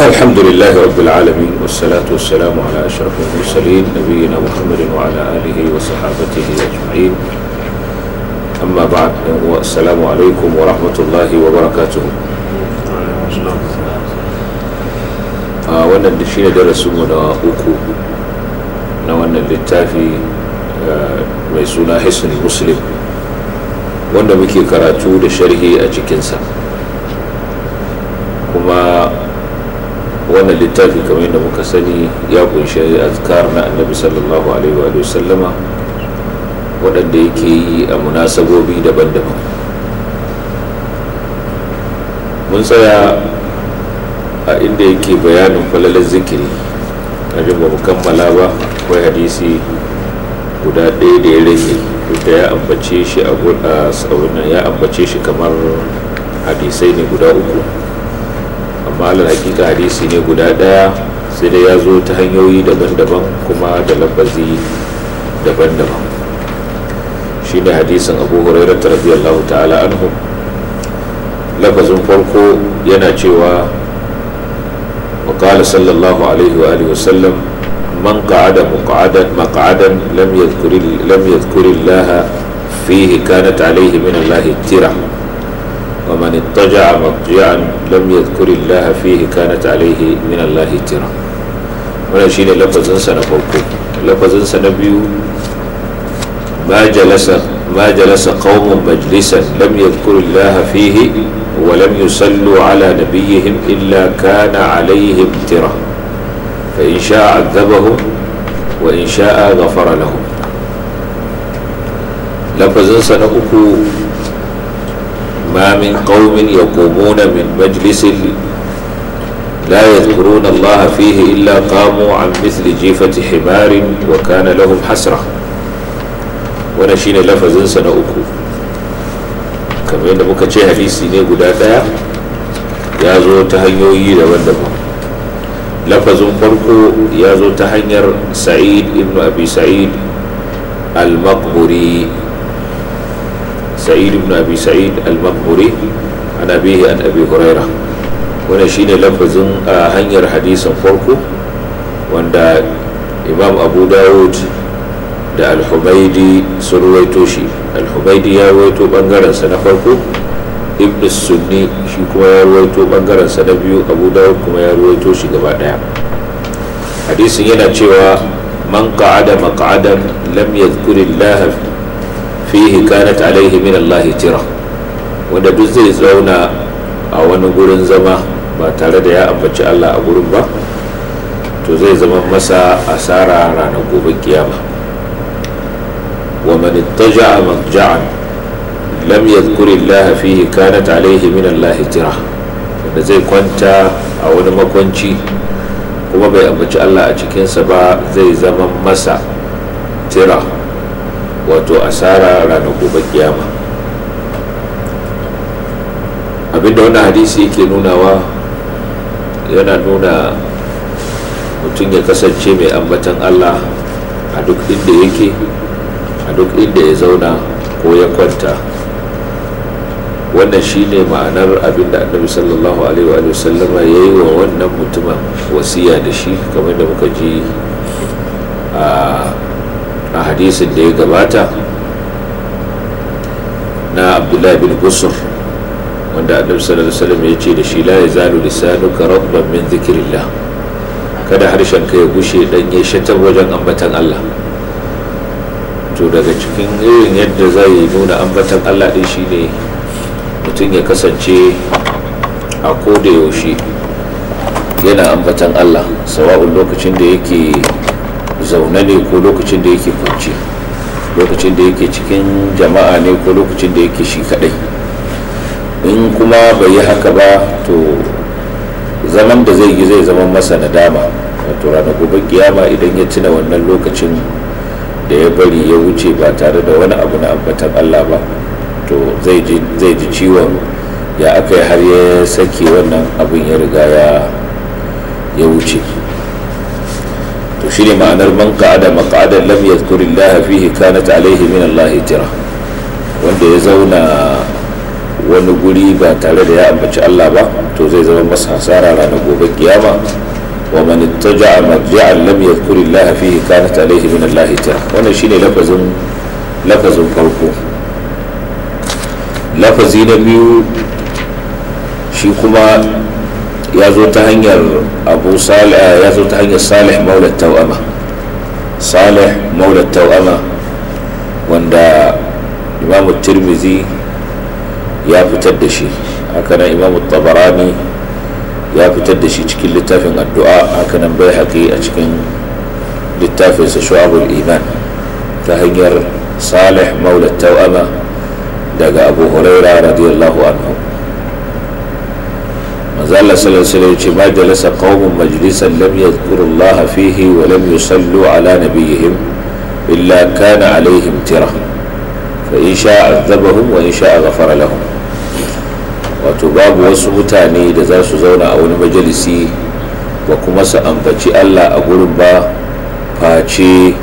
الحمد لله رب العالمين والصلاة والسلام على أشرف المرسلين نبينا محمد وعلى آله وصحابته أجمعين أما بعد والسلام عليكم ورحمة الله وبركاته wannan da shi ne darasinmu na uku na wannan littafi mai suna hisni muslim wanda muke karatu da sharhi a cikinsa kuma wannan littafi kamar yadda muka sani ya kunshi azkar na annabi sallallahu alaihi wa sallama waɗanda yake yi a munasabobi daban-daban mun tsaya a inda yake bayanin falalar zikiri abin ba mu kammala ba akwai hadisi guda ɗaya da ya rage da ya ambace shi a ya ambace shi kamar hadisai ne guda uku amma alal hakika hadisi ne guda daya sai dai ya zo ta hanyoyi daban-daban kuma da lafazi daban-daban shi ne hadisin abu hurairar radiyallahu ta'ala anhu lafazin farko yana cewa وقال صلى الله عليه وآله وسلم من قعد مقعدا مقعدا لم يذكر لم يذكر الله فيه ومن اضطجع مضجعا لم يذكر الله فيه كانت عليه من الله ترى wannan shine lafazinsa na farko lafazinsa na biyu ma jalasa ma jalasa qaumun majlisan lam yadhkuru Allah fihi wa lam yusallu ala nabiyihim illa kana alaihim tira fa in sha'a adabahum wa in sha'a ghafara lahum lafazinsa na uku ما من قوم يقومون من مجلس لا يذكرون الله فيه إلا قاموا عن مثل جيفة حمار وكان لهم حسرة ونشين لفظ سنأكو كما يقول لك حديثي نيقو دادا ya zo ta hanyoyi daban-daban lafazin farko ya zo ta hanyar sa'id ibn abi sa'id al-maqburi sa'id ibn abi sa'id al-maqburi an abihi an abi huraira wannan shine lafazin hanyar hadisin farko wanda imam abu dawud da al-humaidi sun ruwaito shi al-humaidi ya ruwaito bangarensa na farko ibn sunni shi kuma ya ruwaito bangarensa na biyu abu dawud kuma ya ruwaito shi gaba daya hadisin yana cewa man qa'ada maq'adan lam yadhkurillaha fihi kanat alaihi min Allah tira wanda duk zai zauna a wani gurin zama ba tare da ya ambaci Allah a gurin ba to zai zama masa asara ranar gobe kiyama wa man ittaja marja'an lam yadhkuri Allah fihi kanat alaihi min Allah tira wanda zai kwanta a wani makwanci kuma bai ambaci Allah a cikinsa ba zai zama masa tira wato asara ranar gobe kiyama abinda wannan hadisi yake nunawa yana nuna mutum ya kasance mai ambatan allah a duk inda yake a duk inda ya zauna ko ya kwanta wannan shi ne ma'anar abinda annabi sallallahu alaihi wa sallama ya yi wa wannan mutumin wasiya da shi kamar da muka ji a ah, a hadisin da ya gabata na abdullahi bin gusur wanda annabi sallallahu alaihi wasallam ya ce da shi la yazalu lisanuka rabban min dhikrillah kada harshen ka ya gushe dan ya shatar wajen ambatan Allah to daga cikin irin yadda zai nuna ambatan Allah din shine mutum ya kasance a koda yaushe yana ambatan Allah sawa'un lokacin da yake zaune ne ko lokacin da yake kwanciya lokacin da yake cikin jama'a ne ko lokacin da yake shi kadai in kuma bai yi haka ba to zaman da zai yi zai zama masa nadama wato ranar gobe kiyama idan ya tuna wannan lokacin da ya bari ya wuce ba tare da wani abu na ambatan allah ba to zai ji ciwon ya aka yi har ya sake wannan abin ya riga ya wuce shine ma'anar man qa'ada maq'adan lam yadhkurillaha fihi kanat alayhi min Allah tira wanda ya zauna wani guri ba tare da ya ambaci Allah ba to zai zama masa hasara ranar gobe kiyama wa man ittaja'a marja'an lam yadhkurillaha fihi kanat alayhi min Allah tira wannan shine lafazin lafazin farko lafazi na biyu shi kuma ya zo ta hanyar abu salih ya zo ta hanyar salih maulat tawama salih maulat tawama wanda imam tirmizi ya fitar da shi hakanan imam tabarani ya fitar da shi cikin littafin addu'a hakanan bai haƙi a cikin littafinsa shu'abul iman ta hanyar salih maulat tawama daga abu huraira radiyallahu anhu mazala sallallahu ce ma jalasa qaumun majlisan lam yadhkuru Allah fihi wa lam yusallu ala nabiyihim illa kana alaihim tira fa in sha'a azabahum wa in sha'a ghafara lahum wato babu wasu mutane da za su zauna a wani majalisi ba kuma su ambaci Allah a gurin ba face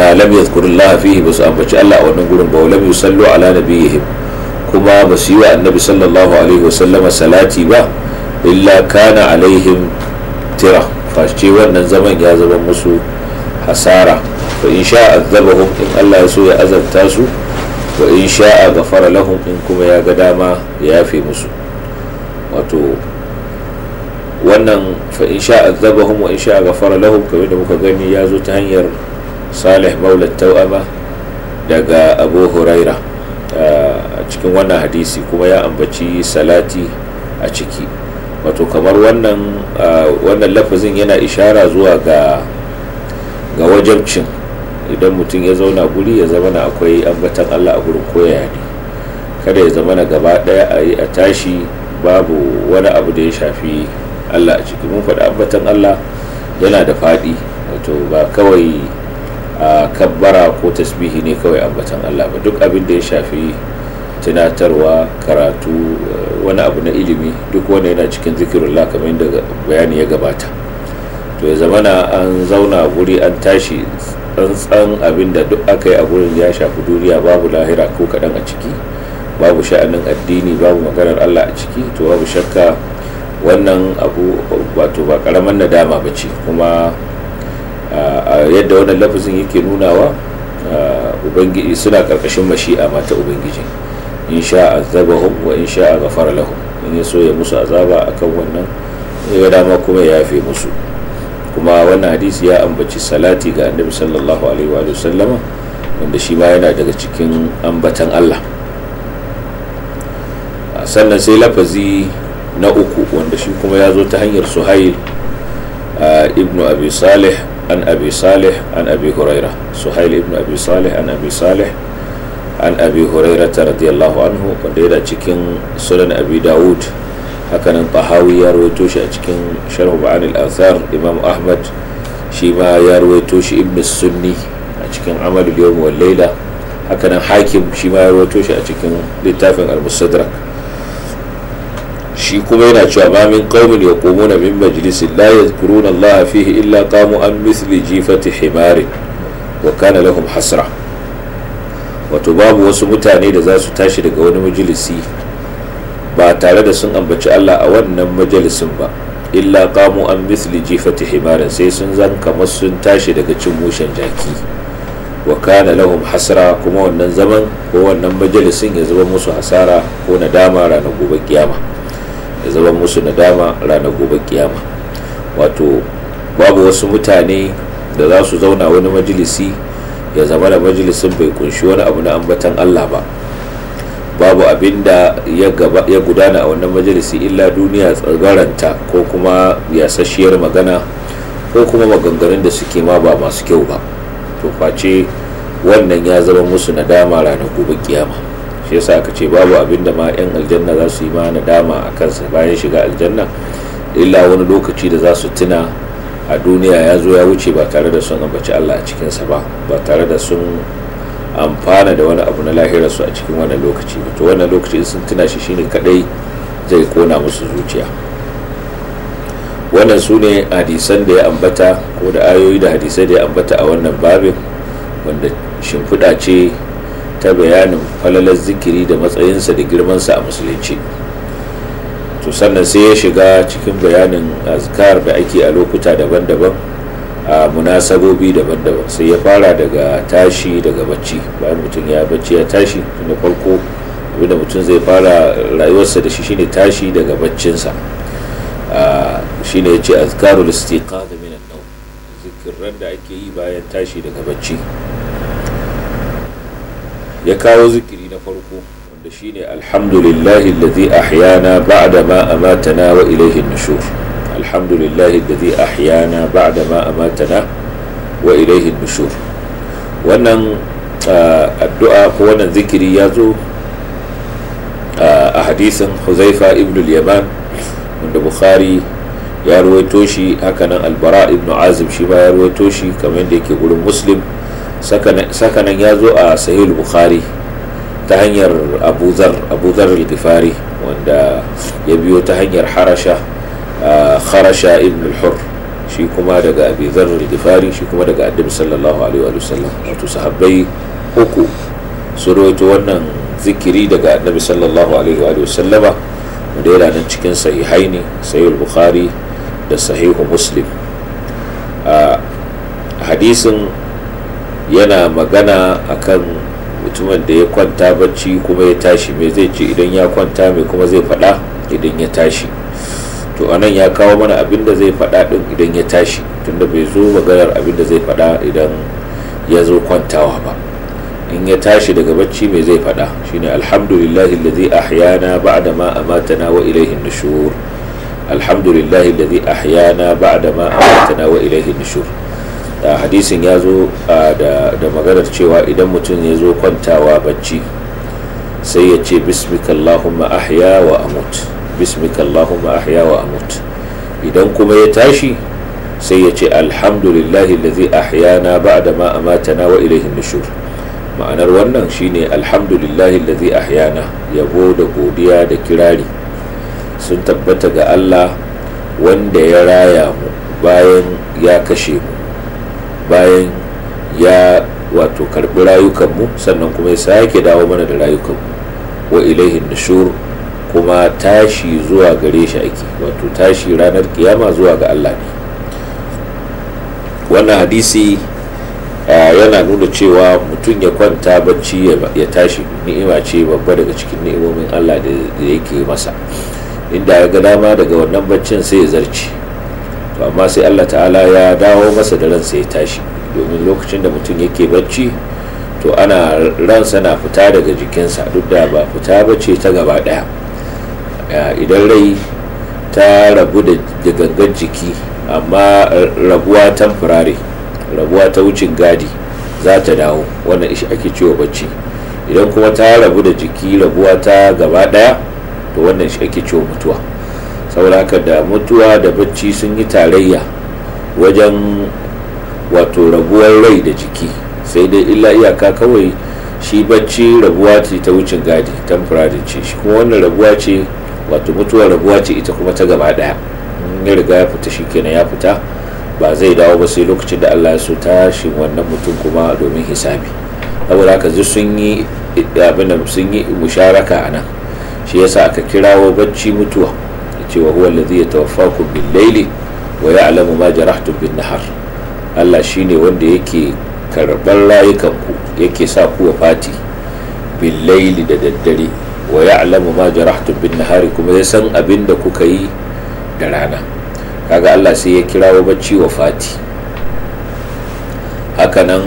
ah, lam yadhkuru Allah fihi ba su ambaci Allah a wani gurin ba wa lam yusallu ala nabiyihim kuma ba su yi wa annabi sallallahu alaihi wasallama salati ba illa kana alaihim tira fashe wannan zaman ya zama musu hasara fa in sha azabahum in Allah ya so ya azabta su wa in sha gafara lahum in kuma ya ga dama ya yafe musu wato wannan fa in sha azabahum wa in sha gafara lahum kamar da muka gani ya zo ta hanyar salih maula tau'ama daga abu huraira a cikin wannan hadisi kuma ya ambaci salati a ciki wato kamar wannan wannan lafazin yana ishara zuwa ga ga wajabcin idan mutum ya zauna guri ya zama na akwai ambatan allah a gurin koya ne kada ya zama na gaba daya a yi a tashi babu wani abu da ya shafi allah a ciki mun faɗi ambatan allah yana da faɗi wato ba kawai kabbara ko tasbihi ne kawai ambatan Allah ba duk abin da ya shafi tunatarwa karatu wani abu na ilimi duk wani yana cikin zikirullah kamar yadda bayani ya gabata to ya zamana an zauna guri an tashi tsantsan abin da duk aka yi a gurin ya shafi duniya babu lahira ko kaɗan a ciki babu sha'anin addini babu maganar allah a ciki to babu shakka wannan abu wato ba ƙaramin nadama ba ce kuma yadda wannan lafazin yake nunawa ubangiji suna karkashin mashi'a mata ubangiji in sha azabahum wa in sha ghafara lahum in ya so ya musu azaba akan wannan ya dama kuma ya yafe musu kuma wannan hadisi ya ambaci salati ga annabi sallallahu alaihi wa sallama wanda shi ma yana daga cikin ambatan Allah sannan sai lafazi na uku wanda shi kuma ya zo ta hanyar suhail ibnu abi salih an abi salih an abi huraira suhail ibn abi salih an abi salih an abi huraira ta radiyallahu anhu wanda yana cikin sunan abi dawud hakanan tahawi ya rawaito shi a cikin sharhu ma'anil athar imam ahmad shi ma ya rawaito shi ibn sunni a cikin amalul yawm hakanan hakim shi ma ya shi a cikin littafin al-mustadrak shi kuma yana cewa ma min qaumin yaqumuna min majlisin la yadhkuruna Allah fihi illa qamu an misli jifati himar wa kana lahum hasra wato babu wasu mutane da za su tashi daga wani majalisi ba tare da sun ambaci Allah a wannan majalisin ba illa qamu an misli jifati himarin sai sun zan kamar sun tashi daga cin mushen jaki wa kana lahum hasra kuma wannan zaman ko wannan majalisin ya zama musu hasara ko nadama ranar gobe kiyama ya zama musu nadama ranar gobe kiyama wato babu wasu mutane da za su zauna wani majalisi ya zama da majalisin bai kunshi wani abu na ambatan allah ba babu abin da ya gudana a wannan majalisi illa duniya tsagaranta ko kuma yasasshiyar magana ko kuma maganganun da suke ma ba masu kyau ba to face wannan ya zama musu nadama ranar gobe kiyama shi yasa aka ce babu abin da ma 'yan aljanna za su yi ma nadama a kansa bayan shiga aljanna illa wani lokaci da za su tuna a duniya ya zo ya wuce ba tare da sun ambaci allah a cikinsa ba ba tare da sun amfana da wani abu na lahirarsu a cikin wannan lokaci to wannan lokaci sun tuna shi shine kadai zai kona musu zuciya wannan sune hadisan da ya ambata ko da ayoyi da hadisai da ya ambata a wannan babin wanda shimfiɗa ce ta bayanin falalar zikiri da matsayinsa da girmansa a musulunci to sannan sai ya shiga cikin bayanin azkar da ake a lokuta daban-daban a munasabobi daban-daban sai ya fara daga tashi daga bacci bayan mutum ya bacci ya tashi tun da farko abinda mutum zai fara rayuwarsa da shi shine tashi daga baccinsa shine ya ce azkarul da minan nau zikirran da ake yi bayan tashi daga bacci ya kawo zikiri na farko wanda shine alhamdulillahi alladhi ahyana ba'da ma amatana wa ilayhi nushur alhamdulillahi alladhi ahyana ba'da ma amatana wa ilayhi nushur wannan addu'a ko wannan zikiri ya zo a hadisin Huzaifa ibn al-Yaman wanda Bukhari ya ruwaito shi hakanan Albara ibn Azib shi ma ya ruwaito shi kamar yadda yake gurin Muslim sakanan ya zo a sahih bukhari ta hanyar abuzar abuzar al-gifari wanda ya biyo ta hanyar harasha kharasha ibn al-hur shi kuma daga abizar al-gifari shi kuma daga addabi sallallahu alaihi wa sallam wato sahabbai uku su rawaito wannan zikiri daga annabi sallallahu alaihi wa sallama wanda yana nan cikin sahihai ne sahihul bukhari da sahihu muslim a hadisin yana magana a kan mutumin da ya kwanta bacci kuma ya tashi mai zai ce idan ya kwanta mai kuma zai faɗa idan ya tashi to anan ya kawo mana abin da zai faɗa ɗin idan ya tashi tunda bai zo maganar abin da zai faɗa idan ya zo kwantawa ba in ya tashi daga bacci mai zai faɗa shine alhamdulillahi alladhi ahyana ba'da ma amatana wa ilayhi nushur alhamdulillahi alladhi ahyana ba'da ma amatana wa ilayhi nushur hadisin ya zo da maganar cewa idan mutum ya zo kwantawa bacci sai ya ce bismikallahumma ahya wa amut bismikallahumma ahya wa amut idan kuma ya tashi sai ya ce alhamdulillahi lazi ahyana ba'da ma amatana wa ilaihin nushur ma'anar wannan shine alhamdulillahi lazi ahyana yabo da godiya da kirari sun tabbata ga Allah wanda ya raya mu bayan ya kashe mu bayan ya wato karbi rayukanmu sannan kuma ya sake dawo mana da rayukanmu wa ilahin da kuma tashi zuwa gare shi ake wato tashi ranar kiyama zuwa ga Allah ne wannan hadisi yana nuna cewa mutum ya kwanta bacci ya tashi ni'ima ce babba daga cikin ni'imomin Allah da yake masa inda ya ga dama daga wannan baccin sai ya zarci to amma sai allah ta'ala ya dawo masa da ransa ya tashi domin lokacin da mutum yake bacci to ana ransa na fita daga jikinsa duk da ba fita bace ta gaba daya idan rai ta rabu da gangan jiki amma rabuwa tamfurare rabuwa ta wucin gadi za ta dawo wannan ishi ake cewa bacci idan kuma ta rabu da jiki rabuwa ta gaba daya to wannan shi ake cewa mutuwa saboda da mutuwa da bacci sun yi tarayya wajen wato rabuwar rai da jiki sai dai illa iyaka kawai shi bacci rabuwa ce ta wucin gadi temporary ce shi kuma wannan rabuwa ce wato mutuwa rabuwa ce ita kuma ta gaba daya ya riga ya fita shikenan ya fita ba zai dawo ba sai lokacin da Allah ya so tashin wannan mutum kuma domin hisabi saboda haka zai sun yi abin sun yi musharaka a nan shi yasa aka kirawo bacci mutuwa cewa huwa ya yatawaffakum bil layli wa ya'lamu ma jarahtum bin nahar Allah shine wanda yake karbar rayukanku yake sa ku wafati bil layli da daddare wa ya'lamu ma jarahtum bin kuma ya san abin da kuka yi da rana kaga Allah sai ya kirawo bacci wafati hakanan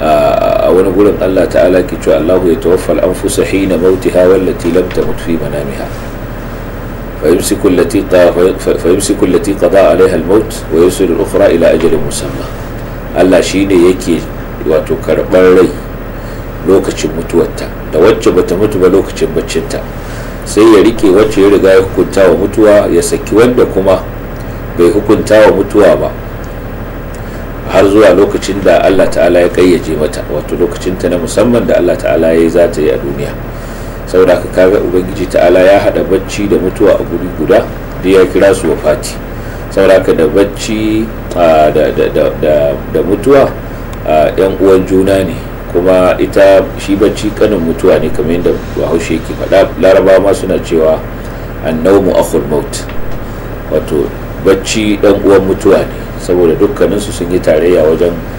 a wani gurin Allah ta'ala ki cewa Allah ya tawaffa al-anfusa hina mautiha wallati lam tamut fi manamiha فيمسك التي فيمسك التي قضى عليها الموت ويرسل الاخرى الى اجل مسمى Allah shine yake wato karɓar rai lokacin mutuwarta da wacce bata mutu ba lokacin baccinta sai ya rike wacce ya riga ya hukunta wa mutuwa ya saki wanda kuma bai hukunta wa mutuwa ba har zuwa lokacin da Allah ta'ala ya kayyaje mata wato lokacinta na musamman da Allah ta'ala ya yi za ta yi a duniya saboda ka kaga ubangiji ta'ala ya hada bacci da mutuwa a guri guda da ya kira su wafati saboda ka da bacci da mutuwa yan uwan juna ne kuma ita shi bacci kanin mutuwa ne kamar yadda bahaushe yake faɗa laraba ma suna cewa annaumu akhul maut wato bacci dan uwan mutuwa ne saboda dukkaninsu sun yi tarayya wajen